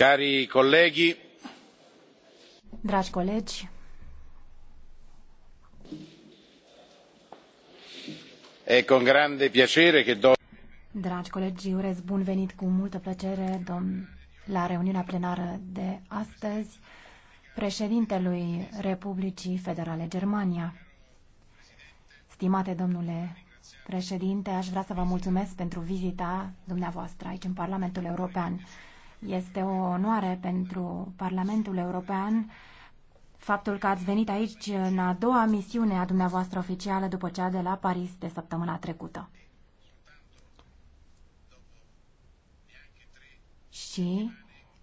Cari colleghi, dragi colegi, e con grande piacere che do... Dragi colegi, urez bun venit cu multă plăcere domn, la reuniunea plenară de astăzi președintelui Republicii Federale Germania. Stimate domnule președinte, aș vrea să vă mulțumesc pentru vizita dumneavoastră aici în Parlamentul European. Este o onoare pentru Parlamentul European faptul că ați venit aici în a doua misiune a dumneavoastră oficială după cea de la Paris de săptămâna trecută. Și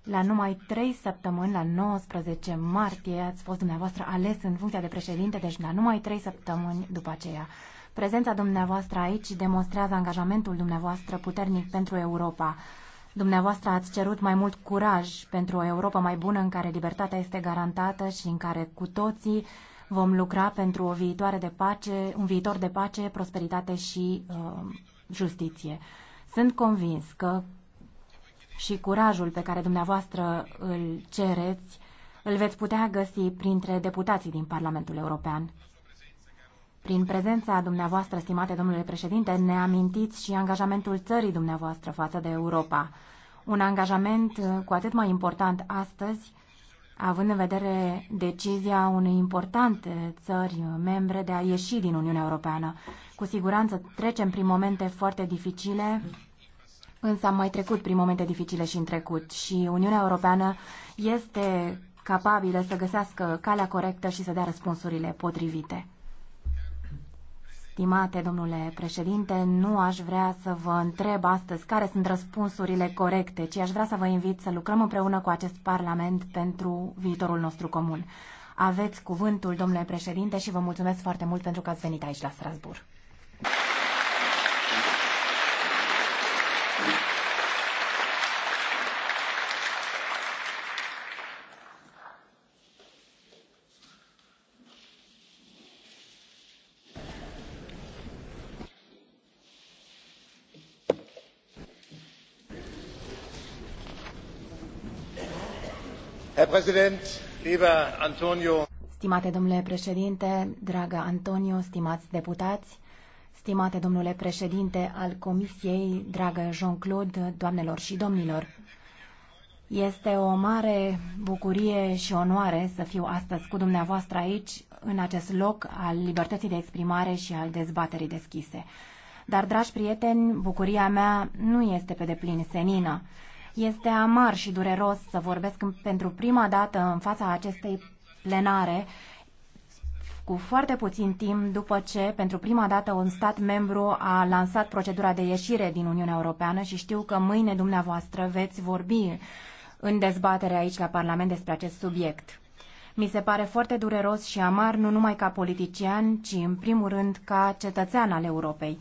la numai trei săptămâni, la 19 martie, ați fost dumneavoastră ales în funcția de președinte, deci la numai trei săptămâni după aceea. Prezența dumneavoastră aici demonstrează angajamentul dumneavoastră puternic pentru Europa. Dumneavoastră ați cerut mai mult curaj pentru o Europa mai bună în care libertatea este garantată și în care cu toții vom lucra pentru o viitoare de pace, un viitor de pace, prosperitate și uh, justiție. Sunt convins că și curajul pe care dumneavoastră îl cereți îl veți putea găsi printre deputații din Parlamentul European. Prin prezența dumneavoastră, stimate domnule președinte, ne amintiți și angajamentul țării dumneavoastră față de Europa. Un angajament uh, cu atât mai important astăzi, având în vedere decizia unei importante țări uh, membre de a ieși din Uniunea Europeană. Cu siguranță trecem prin momente foarte dificile, însă am mai trecut prin momente dificile și în trecut și Uniunea Europeană este capabilă să găsească calea corectă și să dea răspunsurile potrivite. Stimate domnule președinte, nu aș vrea să vă întreb astăzi care sunt răspunsurile corecte, ci aș vrea să vă invit să lucrăm împreună cu acest Parlament pentru viitorul nostru comun. Aveți cuvântul, domnule președinte, și vă mulțumesc foarte mult pentru că ați venit aici la Strasbourg. Stimate domnule președinte, dragă Antonio, stimați deputați, stimate domnule președinte al Comisiei, dragă Jean-Claude, doamnelor și domnilor, este o mare bucurie și onoare să fiu astăzi cu dumneavoastră aici, în acest loc al libertății de exprimare și al dezbaterii deschise. Dar, dragi prieteni, bucuria mea nu este pe deplin senină. Este amar și dureros să vorbesc pentru prima dată în fața acestei plenare cu foarte puțin timp după ce, pentru prima dată, un stat membru a lansat procedura de ieșire din Uniunea Europeană și știu că mâine dumneavoastră veți vorbi în dezbatere aici la Parlament despre acest subiect. Mi se pare foarte dureros și amar, nu numai ca politician, ci în primul rând ca cetățean al Europei.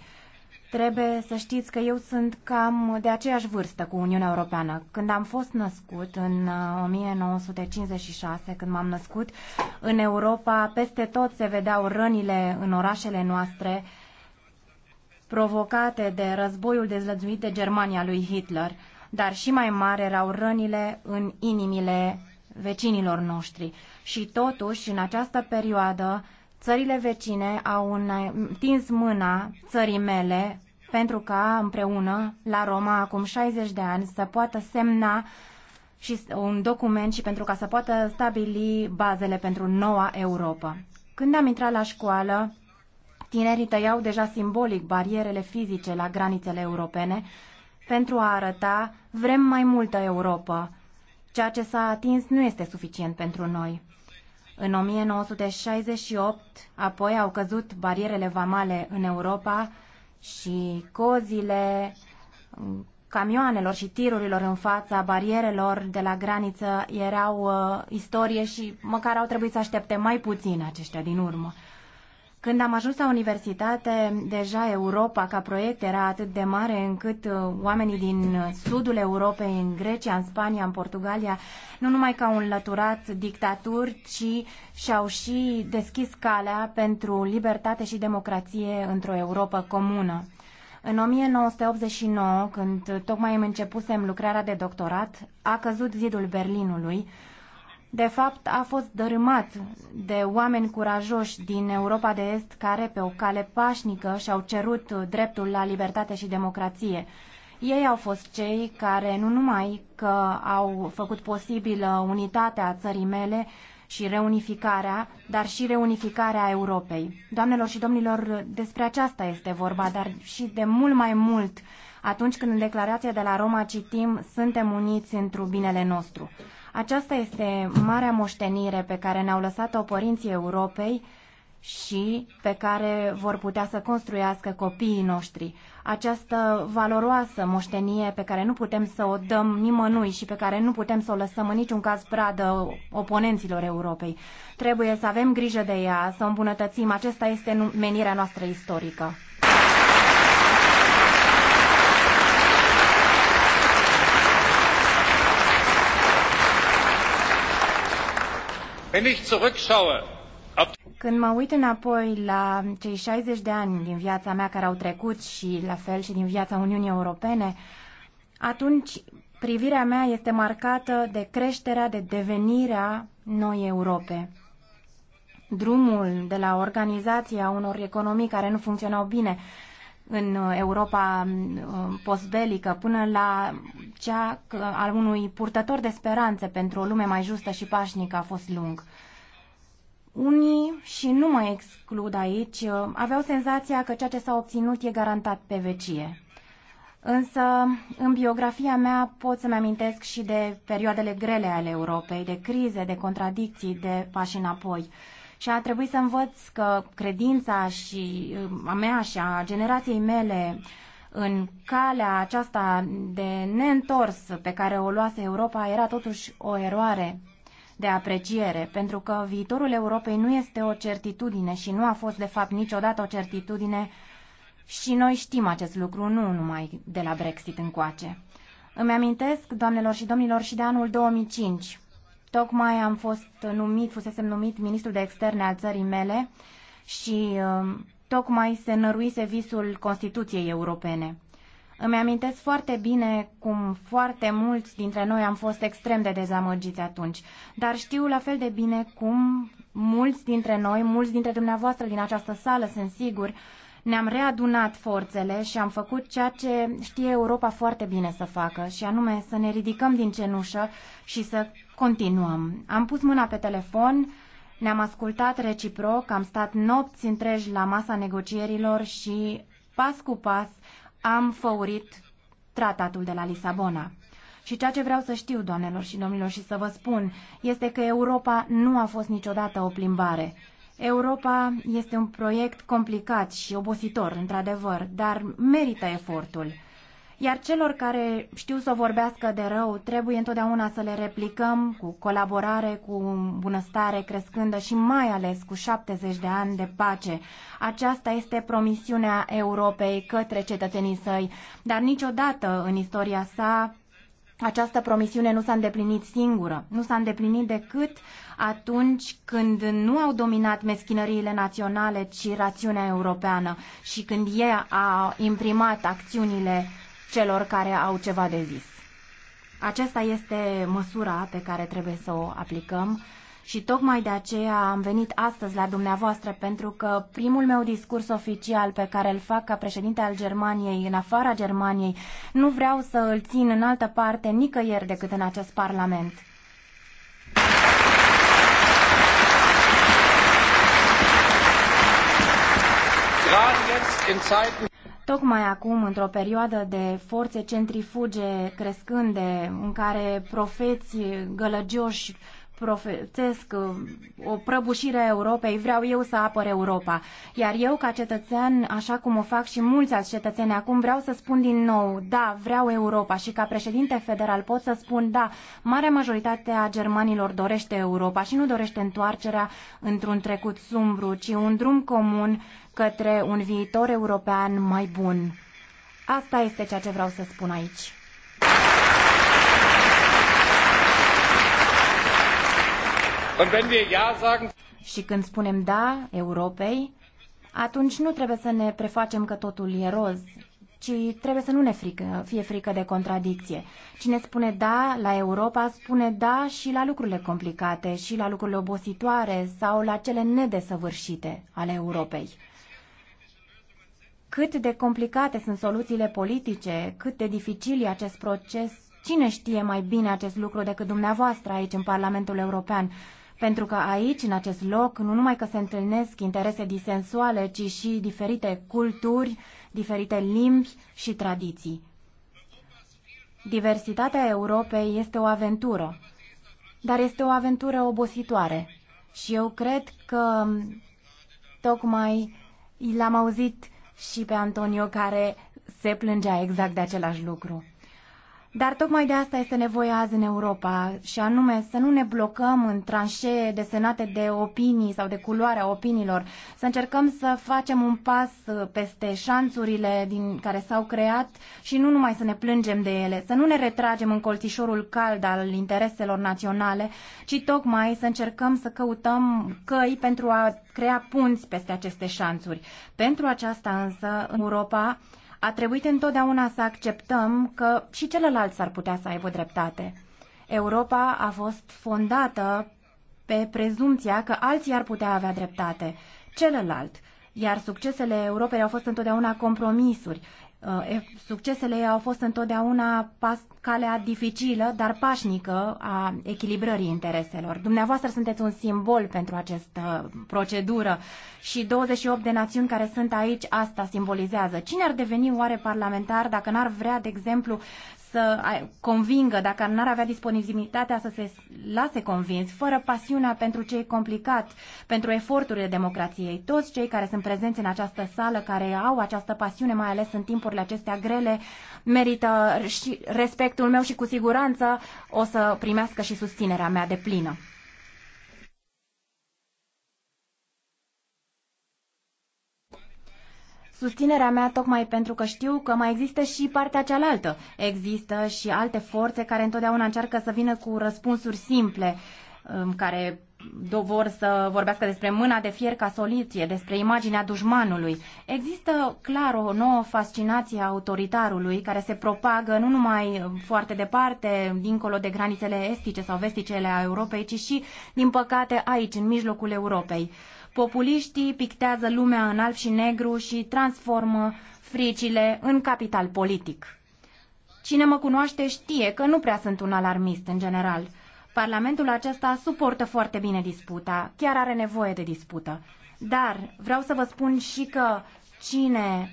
Trebuie să știți că eu sunt cam de aceeași vârstă cu Uniunea Europeană. Când am fost născut, în 1956, uh, când m-am născut, în Europa, peste tot se vedeau rănile în orașele noastre provocate de războiul dezlățuit de Germania lui Hitler, dar și mai mari erau rănile în inimile vecinilor noștri. Și totuși, în această perioadă, țările vecine au uh, întins mâna țării mele pentru ca împreună la Roma acum 60 de ani să poată semna și un document și pentru ca să poată stabili bazele pentru noua Europa. Când am intrat la școală, tinerii tăiau deja simbolic barierele fizice la granițele europene pentru a arăta vrem mai multă Europa. Ceea ce s-a atins nu este suficient pentru noi. În 1968, apoi au căzut barierele vamale în Europa, și cozile camioanelor și tirurilor în fața barierelor de la graniță erau uh, istorie și măcar au trebuit să aștepte mai puțin aceștia din urmă. Când am ajuns la universitate, deja Europa ca proiect era atât de mare încât uh, oamenii din sudul Europei, în Grecia, în Spania, în Portugalia, nu numai că au înlăturat dictaturi, ci și-au și deschis calea pentru libertate și democrație într-o Europa comună. În 1989, când tocmai am începusem lucrarea de doctorat, a căzut zidul Berlinului, de fapt a fost dărâmat de oameni curajoși din Europa de Est care, pe o cale pașnică, și-au cerut dreptul la libertate și democrație. Ei au fost cei care nu numai că au făcut posibilă unitatea țării mele și reunificarea, dar și reunificarea Europei. Doamnelor și domnilor, despre aceasta este vorba, dar și de mult mai mult atunci când în declarația de la Roma citim Suntem uniți într-un binele nostru. Aceasta este marea moștenire pe care ne-au lăsat-o părinții Europei și pe care vor putea să construiască copiii noștri. Această valoroasă moștenie pe care nu putem să o dăm nimănui și pe care nu putem să o lăsăm în niciun caz pradă oponenților Europei. Trebuie să avem grijă de ea, să o îmbunătățim. Acesta este menirea noastră istorică. Când mă uit înapoi la cei 60 de ani din viața mea care au trecut și la fel și din viața Uniunii Europene, atunci privirea mea este marcată de creșterea, de devenirea noi Europe. Drumul de la organizația unor economii care nu funcționau bine în uh, Europa um, uh, postbelică până la cea al unui purtător de speranțe pentru o lume mai justă și pașnică a fost lung. Unii, și nu mă exclud aici, uh, aveau senzația că ceea ce s-a obținut e garantat pe vecie. Însă, în biografia mea pot să-mi amintesc și de perioadele grele ale Europei, de crize, de contradicții, de pași înapoi. Și a trebuit să învăț că credința și a mea și a generației mele în calea aceasta de neîntors pe care o luase Europa era totuși o eroare de apreciere, pentru că viitorul Europei nu este o certitudine și nu a fost de fapt niciodată o certitudine și noi știm acest lucru, nu numai de la Brexit încoace. Îmi amintesc, doamnelor și domnilor, și de anul 2005, Tocmai am fost numit, fusesem numit ministrul de externe al țării mele și um, tocmai se năruise visul Constituției Europene. Îmi amintesc foarte bine cum foarte mulți dintre noi am fost extrem de dezamăgiți atunci, dar știu la fel de bine cum mulți dintre noi, mulți dintre dumneavoastră din această sală, sunt sigur, ne-am readunat forțele și am făcut ceea ce știe Europa foarte bine să facă, și anume să ne ridicăm din cenușă și să Continuăm. Am pus mâna pe telefon, ne-am ascultat reciproc, am stat nopți întregi la masa negocierilor și, pas cu pas, am făurit tratatul de la Lisabona. Și ceea ce vreau să știu, doamnelor și domnilor, și să vă spun, este că Europa nu a fost niciodată o plimbare. Europa este un proiect complicat și obositor, într-adevăr, dar merită efortul. Iar celor care știu să vorbească de rău, trebuie întotdeauna să le replicăm cu colaborare, cu bunăstare crescândă și mai ales cu 70 de ani de pace. Aceasta este promisiunea Europei către cetățenii săi, dar niciodată în istoria sa această promisiune nu s-a îndeplinit singură, nu s-a îndeplinit decât atunci când nu au dominat meschinăriile naționale, ci rațiunea europeană și când ea a imprimat acțiunile celor care au ceva de zis. Aceasta este măsura pe care trebuie să o aplicăm și tocmai de aceea am venit astăzi la dumneavoastră pentru că primul meu discurs oficial pe care îl fac ca președinte al Germaniei în afara Germaniei nu vreau să îl țin în altă parte nicăieri decât în acest parlament. Gerade jetzt in Zeiten Tocmai acum, într-o perioadă de forțe centrifuge crescânde, în care profeții gălăgioși profețesc uh, o prăbușire a Europei, vreau eu să apăr Europa. Iar eu, ca cetățean, așa cum o fac și mulți alți cetățeni acum, vreau să spun din nou, da, vreau Europa și ca președinte federal pot să spun, da, marea majoritate a germanilor dorește Europa și nu dorește întoarcerea într-un trecut sumbru, ci un drum comun către un viitor european mai bun. Asta este ceea ce vreau să spun aici. Și când spunem da Europei, atunci nu trebuie să ne prefacem că totul e roz, ci trebuie să nu ne frică, fie frică de contradicție. Cine spune da la Europa, spune da și la lucrurile complicate, și la lucrurile obositoare sau la cele nedesăvârșite ale Europei. Cât de complicate sunt soluțiile politice, cât de dificil e acest proces, cine știe mai bine acest lucru decât dumneavoastră aici în Parlamentul European? Pentru că aici, în acest loc, nu numai că se întâlnesc interese disensuale, ci și diferite culturi, diferite limbi și tradiții. Diversitatea Europei este o aventură, dar este o aventură obositoare. Și eu cred că tocmai l-am auzit și pe Antonio care se plângea exact de același lucru. Dar tocmai de asta este nevoie azi în Europa, și anume să nu ne blocăm în tranșee desenate de opinii sau de culoarea opiniilor, să încercăm să facem un pas uh, peste șanțurile din care s-au creat și nu numai să ne plângem de ele, să nu ne retragem în colțișorul cald al intereselor naționale, ci tocmai să încercăm să căutăm căi pentru a crea punți peste aceste șanțuri. Pentru aceasta însă, în Europa, a trebuit întotdeauna să acceptăm că și celălalt s-ar putea să aibă dreptate. Europa a fost fondată pe prezumția că alții ar putea avea dreptate. Celălalt, iar succesele Europei au fost întotdeauna compromisuri. Uh, succesele au fost întotdeauna pas, calea dificilă, dar pașnică a echilibrării intereselor. Dumneavoastră sunteți un simbol pentru această procedură și 28 de națiuni care sunt aici asta simbolizează. Cine ar deveni oare parlamentar dacă n-ar vrea, de exemplu, să convingă, dacă n-ar avea disponibilitatea să se lase convins, fără pasiunea pentru ce e complicat, pentru eforturile democrației. Toți cei care sunt prezenți în această sală, care au această pasiune, mai ales în timpurile acestea grele, merită și respectul meu și cu siguranță o să primească și susținerea mea de plină. susținerea mea tocmai pentru că știu că mai există și partea cealaltă. Există și alte forțe care întotdeauna încearcă să vină cu răspunsuri simple, um, care vor să vorbească despre mâna de fier ca soluție, despre imaginea dușmanului. Există clar o nouă fascinație a autoritarului care se propagă nu numai foarte departe, dincolo de granițele estice sau vestice ale Europei, ci și, din păcate, aici, în mijlocul Europei. Populiștii pictează lumea în alb și negru și transformă fricile în capital politic. Cine mă cunoaște știe că nu prea sunt un alarmist în general. Parlamentul acesta suportă foarte bine disputa, chiar are nevoie de dispută. Dar vreau să vă spun și că cine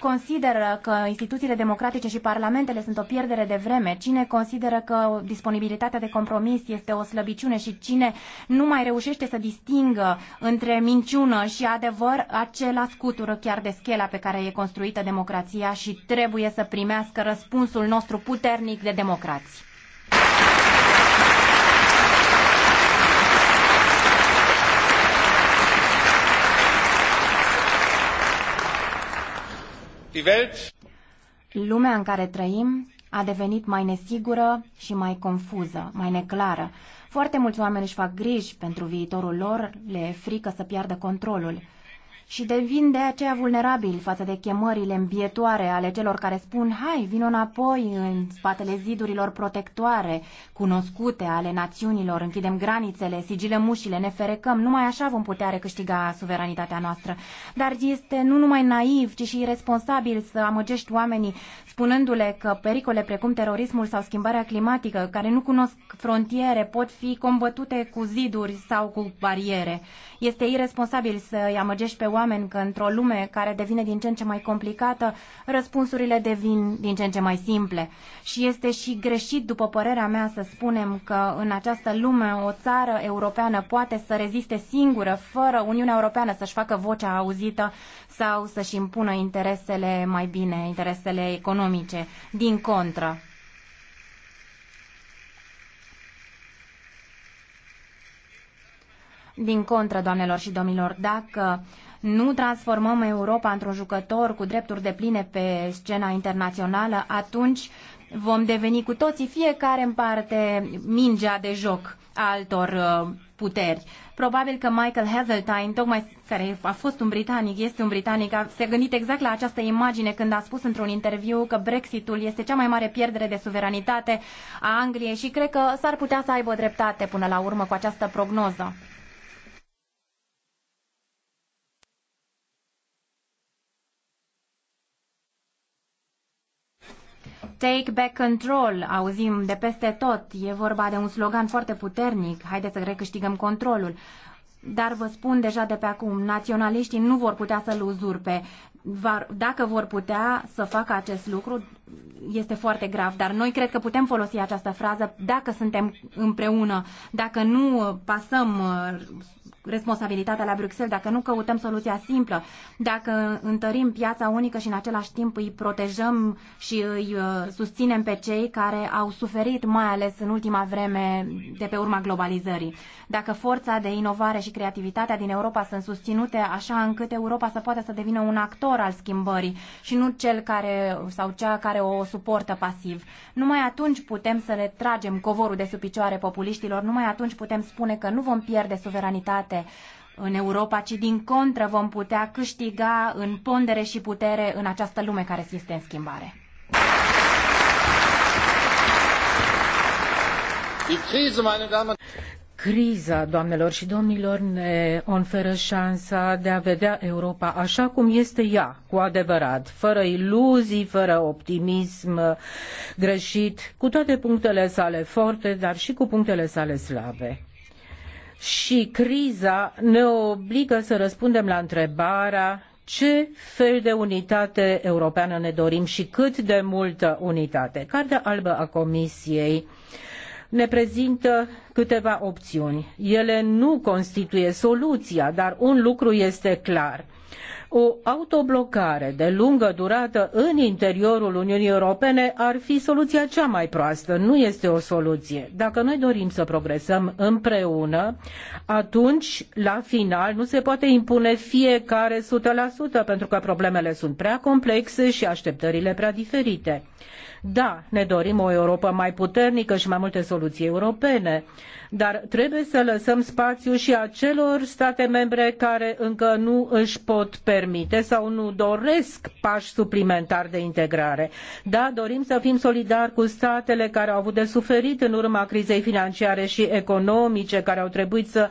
consideră că instituțiile democratice și parlamentele sunt o pierdere de vreme, cine consideră că disponibilitatea de compromis este o slăbiciune și cine nu mai reușește să distingă între minciună și adevăr, acela scutură chiar de schela pe care e construită democrația și trebuie să primească răspunsul nostru puternic de democrație. Lumea în care trăim a devenit mai nesigură și mai confuză, mai neclară. Foarte mulți oameni își fac griji pentru viitorul lor, le e frică să piardă controlul și devin de aceea vulnerabili față de chemările îmbietoare ale celor care spun hai, vin înapoi în spatele zidurilor protectoare, cunoscute ale națiunilor, închidem granițele, sigilăm ușile, ne ferecăm, numai așa vom putea recâștiga suveranitatea noastră. Dar este nu numai naiv, ci și irresponsabil să amăgești oamenii spunându-le că pericole precum terorismul sau schimbarea climatică, care nu cunosc frontiere, pot fi combătute cu ziduri sau cu bariere. Este irresponsabil să i amăgești pe oameni oameni că într-o lume care devine din ce în ce mai complicată, răspunsurile devin din ce în ce mai simple. Și este și greșit, după părerea mea, să spunem că în această lume o țară europeană poate să reziste singură, fără Uniunea Europeană să-și facă vocea auzită sau să-și impună interesele mai bine, interesele economice. Din contră, Din contră, doamnelor și domnilor, dacă nu transformăm Europa într-un jucător cu drepturi de pline pe scena internațională, atunci vom deveni cu toții fiecare în parte mingea de joc a altor uh, puteri. Probabil că Michael Heseltine, tocmai care a fost un britanic, este un britanic, a, se gândit exact la această imagine când a spus într-un interviu că Brexitul este cea mai mare pierdere de suveranitate a Angliei și cred că s-ar putea să aibă dreptate până la urmă cu această prognoză. Take back control, auzim de peste tot. E vorba de un slogan foarte puternic. Haideți să recâștigăm controlul. Dar vă spun deja de pe acum, naționaliștii nu vor putea să-l uzurpe dacă vor putea să facă acest lucru, este foarte grav. Dar noi cred că putem folosi această frază dacă suntem împreună, dacă nu pasăm uh, responsabilitatea la Bruxelles, dacă nu căutăm soluția simplă, dacă întărim piața unică și în același timp îi protejăm și îi uh, susținem pe cei care au suferit mai ales în ultima vreme de pe urma globalizării. Dacă forța de inovare și creativitatea din Europa sunt susținute așa încât Europa să poată să devină un actor motor al schimbării și nu cel care sau cea care o suportă pasiv. Numai atunci putem să le tragem covorul de sub picioare populiștilor, numai atunci putem spune că nu vom pierde suveranitate în Europa, ci din contră vom putea câștiga în pondere și putere în această lume care este în schimbare. Criza, doamnelor și domnilor, ne oferă șansa de a vedea Europa așa cum este ea, cu adevărat, fără iluzii, fără optimism greșit, cu toate punctele sale forte, dar și cu punctele sale slabe. Și criza ne obligă să răspundem la întrebarea ce fel de unitate europeană ne dorim și cât de multă unitate. Cartea albă a Comisiei uh, ne prezintă câteva opțiuni. Ele nu constituie soluția, dar un lucru este clar – o autoblocare de lungă durată în interiorul Uniunii Europene ar fi soluția cea mai proastă, nu este o soluție. Dacă noi dorim să progresăm împreună, atunci, la final, nu se poate impune fiecare 100%, pentru că problemele sunt prea complexe și așteptările prea diferite. Da, ne dorim o Europa mai puternică și mai multe soluții europene, dar trebuie să lăsăm spațiu și acelor state membre care încă nu își pot permite sau nu doresc pași suplimentari de integrare. Da, dorim să fim solidari cu statele care au avut de suferit în urma crizei financiare și economice, care au trebuit să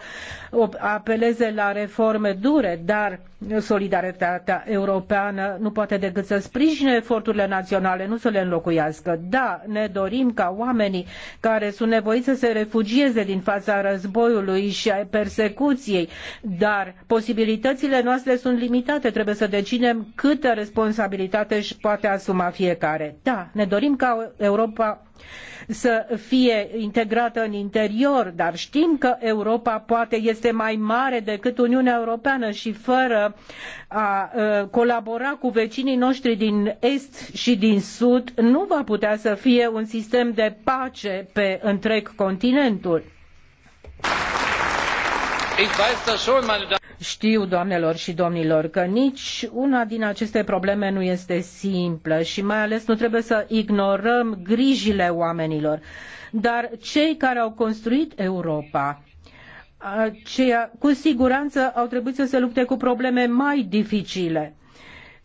apeleze la reforme dure, dar solidaritatea europeană nu poate decât să sprijine eforturile naționale, nu să le înlocuiască. Da, ne dorim ca oamenii care sunt nevoiți să se refugieze din fața războiului și a persecuției, dar posibilitățile noastre sunt limitate. Trebuie să decidem câtă responsabilitate își poate asuma fiecare. Da, ne dorim ca Europa să fie integrată în interior, dar știm că Europa poate este mai mare decât Uniunea Europeană și fără a ă, colabora cu vecinii noștri din Est și din Sud nu va putea să fie un sistem de pace pe întreg continentul. Știu, doamnelor și domnilor, că nici una din aceste probleme nu este simplă și mai ales nu trebuie să ignorăm grijile oamenilor. Dar cei care au construit Europa, aceia cu siguranță au trebuit să se lupte cu probleme mai dificile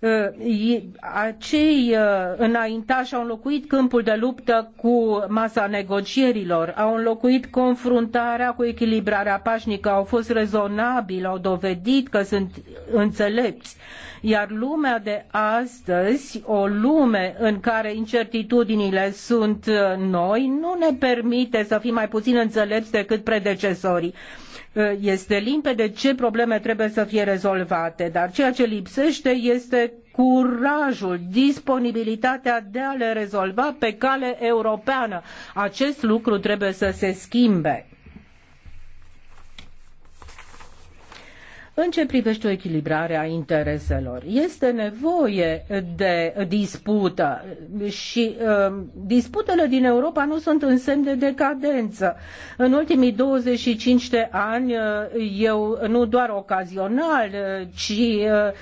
Uh, acei uh, înaintași au înlocuit câmpul de luptă cu masa negocierilor, au înlocuit confruntarea cu echilibrarea pașnică, au fost rezonabili, au dovedit că sunt înțelepți. Iar lumea de astăzi, o lume în care incertitudinile sunt uh, noi, nu ne permite să fim mai puțin înțelepți decât predecesorii uh, este limpede ce probleme trebuie să fie rezolvate, dar ceea ce lipsește este curajul, disponibilitatea de a le rezolva pe cale europeană. Acest lucru trebuie să se schimbe. În ce privește o echilibrare a intereselor, este nevoie de dispută și uh, disputele din Europa nu sunt în semn de decadență. În ultimii 25 de ani, uh, eu nu doar ocazional, uh, ci uh,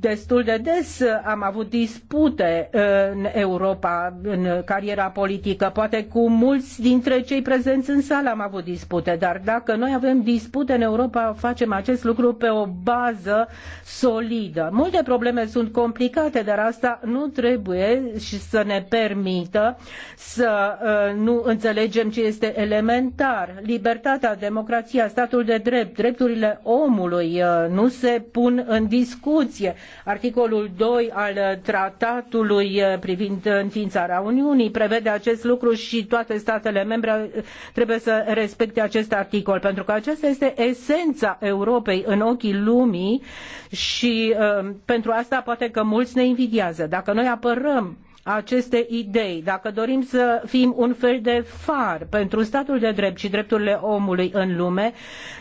destul de des am avut dispute în Europa, în cariera politică. Poate cu mulți dintre cei prezenți în sală am avut dispute, dar dacă noi avem dispute în Europa, facem acest lucru pe o bază solidă. Multe probleme sunt complicate, dar asta nu trebuie și să ne permită să uh, nu înțelegem ce este elementar. Libertatea, democrația, statul de drept, drepturile omului uh, nu se pun în discuție Constituție, articolul 2 al tratatului eh, privind înființarea Uniunii prevede acest lucru și toate statele membre eh, trebuie să respecte acest articol, pentru că aceasta este esența Europei în ochii lumii și eh, pentru asta poate că mulți ne invidiază. Dacă noi apărăm aceste idei, dacă dorim să fim un fel de far pentru statul de drept și drepturile omului în lume,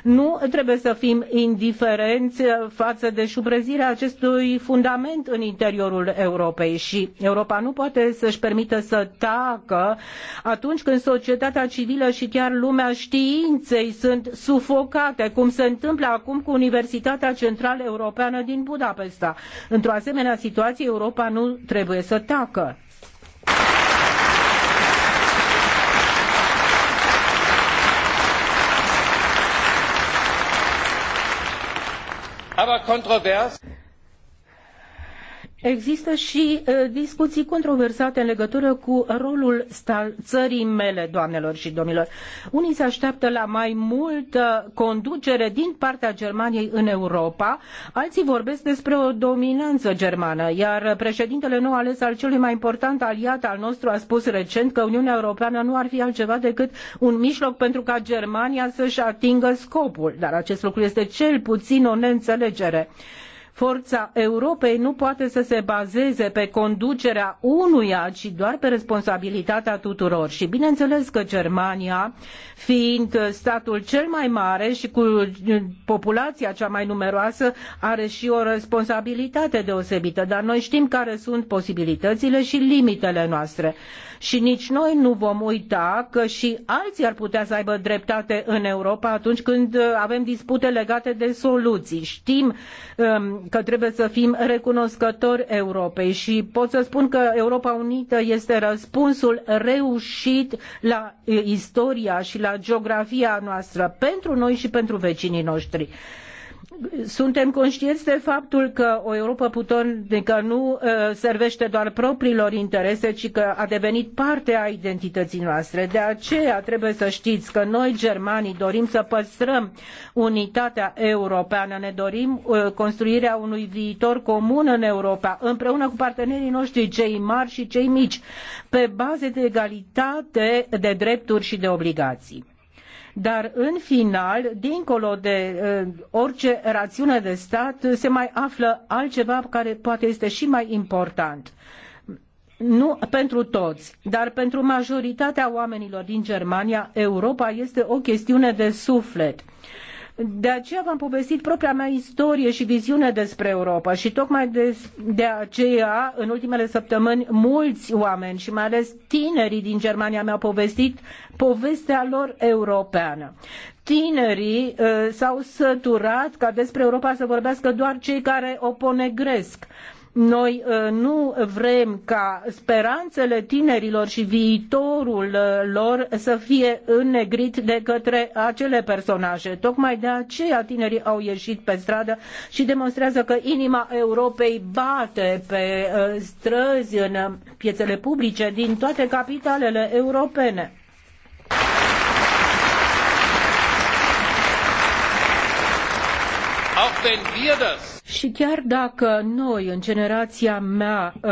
nu trebuie să fim indiferenți față de șuprezirea acestui fundament în interiorul Europei și Europa nu poate să-și permită să tacă atunci când societatea civilă și chiar lumea științei sunt sufocate, cum se întâmplă acum cu Universitatea Centrală Europeană din Budapesta. Într-o asemenea situație, Europa nu trebuie să tacă. aber kontrovers. Există și uh, discuții controversate în legătură cu rolul țării mele, doamnelor și domnilor. Unii se așteaptă la mai multă conducere din partea Germaniei în Europa, alții vorbesc despre o dominanță germană, iar președintele nou ales al celui mai important aliat al nostru a spus recent că Uniunea Europeană nu ar fi altceva decât un mijloc pentru ca Germania să-și atingă scopul, dar acest lucru este cel puțin o neînțelegere. Uh, Forța Europei nu poate să se bazeze pe conducerea unuia, ci doar pe responsabilitatea tuturor. Și bineînțeles că Germania, fiind statul cel mai mare și cu populația cea mai numeroasă, are și o responsabilitate deosebită. Dar noi știm care sunt posibilitățile și limitele noastre și nici noi nu vom uita că și alții ar putea să aibă dreptate în Europa atunci când uh, avem dispute legate de soluții. Știm um, că trebuie să fim recunoscători Europei și pot să spun că Europa Unită este răspunsul reușit la uh, istoria și la geografia noastră pentru noi și pentru vecinii noștri suntem conștienți de faptul că o Europa puternică nu uh, servește doar propriilor interese, ci că a devenit parte a identității noastre. De aceea trebuie să știți că noi, germanii, dorim să păstrăm unitatea europeană, ne dorim uh, construirea unui viitor comun în Europa, împreună cu partenerii noștri, cei mari și cei mici, pe baze de egalitate, de drepturi și de obligații. Dar în final, dincolo de uh, orice rațiune de stat, se mai află altceva care poate este și mai important nu pentru toți, dar pentru majoritatea oamenilor din Germania, Europa este o chestiune de suflet. De aceea v-am povestit propria mea istorie și viziune despre Europa și tocmai de, de aceea, în ultimele săptămâni, mulți oameni și mai ales tinerii din Germania mi-au povestit povestea lor europeană tinerii uh, s-au săturat ca despre Europa să vorbească doar cei care o ponegresc. Noi uh, nu vrem ca speranțele tinerilor și viitorul uh, lor să fie înnegrit de către acele personaje. Tocmai de aceea tinerii au ieșit pe stradă și demonstrează că inima Europei bate pe uh, străzi, în piețele publice din toate capitalele europene. Și chiar dacă noi, în generația mea, uh,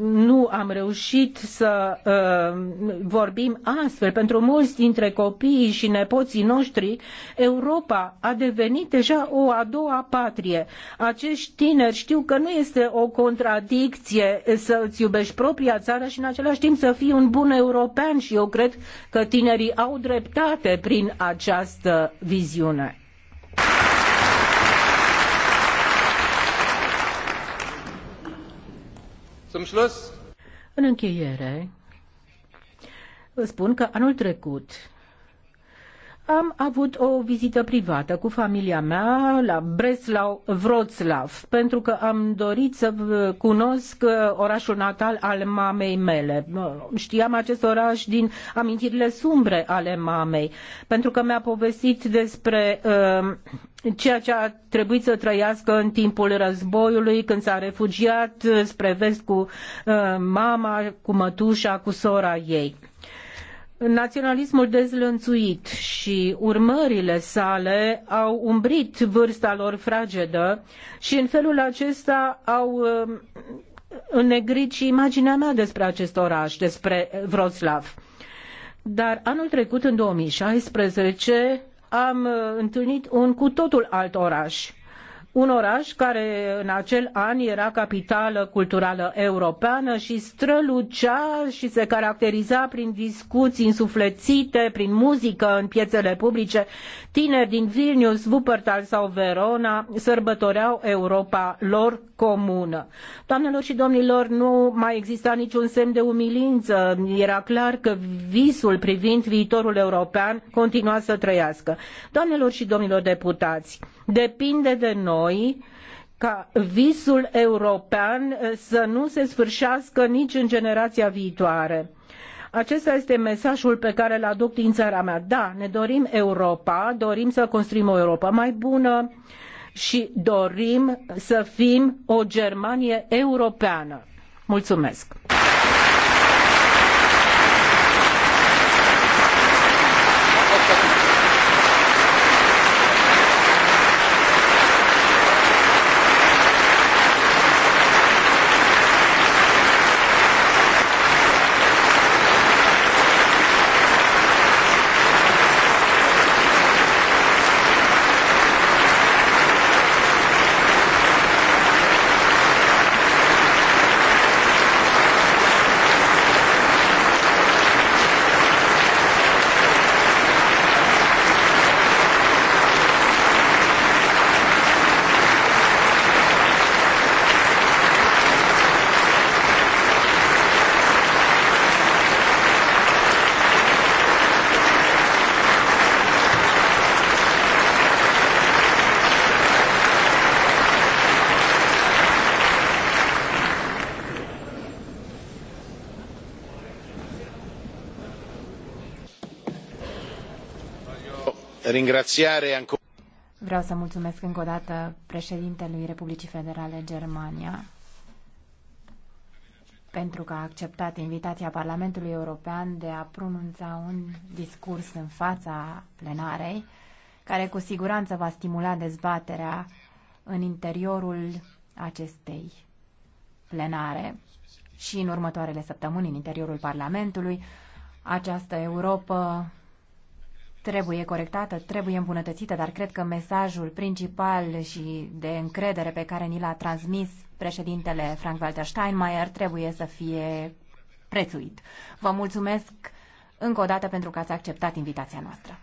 nu am reușit să uh, vorbim astfel, pentru mulți dintre copiii și nepoții noștri, Europa a devenit deja o a doua patrie. Acești tineri știu că nu este o contradicție să îți iubești propria țară și în același timp să fii un bun european și eu cred că tinerii au dreptate prin această viziune. În încheiere, spun că anul trecut am avut o vizită privată cu familia mea la Breslau, Wroclaw, pentru că am dorit să cunosc uh, orașul natal al mamei mele. Uh, știam acest oraș din amintirile sumbre ale mamei, pentru că mi-a povestit despre uh, ceea ce a trebuit să trăiască în timpul războiului, când s-a refugiat uh, spre vest cu uh, mama, cu mătușa, cu sora ei naționalismul dezlănțuit și urmările sale au umbrit vârsta lor fragedă și în felul acesta au um, înnegrit și imaginea mea despre acest oraș, despre Vroslav. Dar anul trecut, în 2016, am uh, întâlnit un cu totul alt oraș un oraș care în acel an era capitală culturală europeană și strălucea și se caracteriza prin discuții însuflețite, prin muzică în piețele publice. Tineri din Vilnius, Wuppertal sau Verona sărbătoreau Europa lor comună. Doamnelor și domnilor, nu mai exista niciun semn de umilință. Era clar că visul privind viitorul european continua să trăiască. Doamnelor și domnilor deputați, depinde de noi noi ca visul european eh, să nu se sfârșească nici în generația viitoare. Acesta este mesajul pe care îl aduc din țara mea. Da, ne dorim Europa, dorim să construim o Europa mai bună și dorim să fim o Germanie europeană. Mulțumesc! ringraziare ancora. Vreau să mulțumesc încă o dată președintelui Republicii Federale Germania pentru că a acceptat invitația Parlamentului European de a pronunța un discurs în fața plenarei, care cu siguranță va stimula dezbaterea în interiorul acestei plenare și în următoarele săptămâni în interiorul Parlamentului. Această Europa trebuie corectată, trebuie îmbunătățită, dar cred că mesajul principal și de încredere pe care ni l-a transmis președintele Frank-Walter Steinmeier trebuie să fie prețuit. Vă mulțumesc încă o dată pentru că ați acceptat invitația noastră.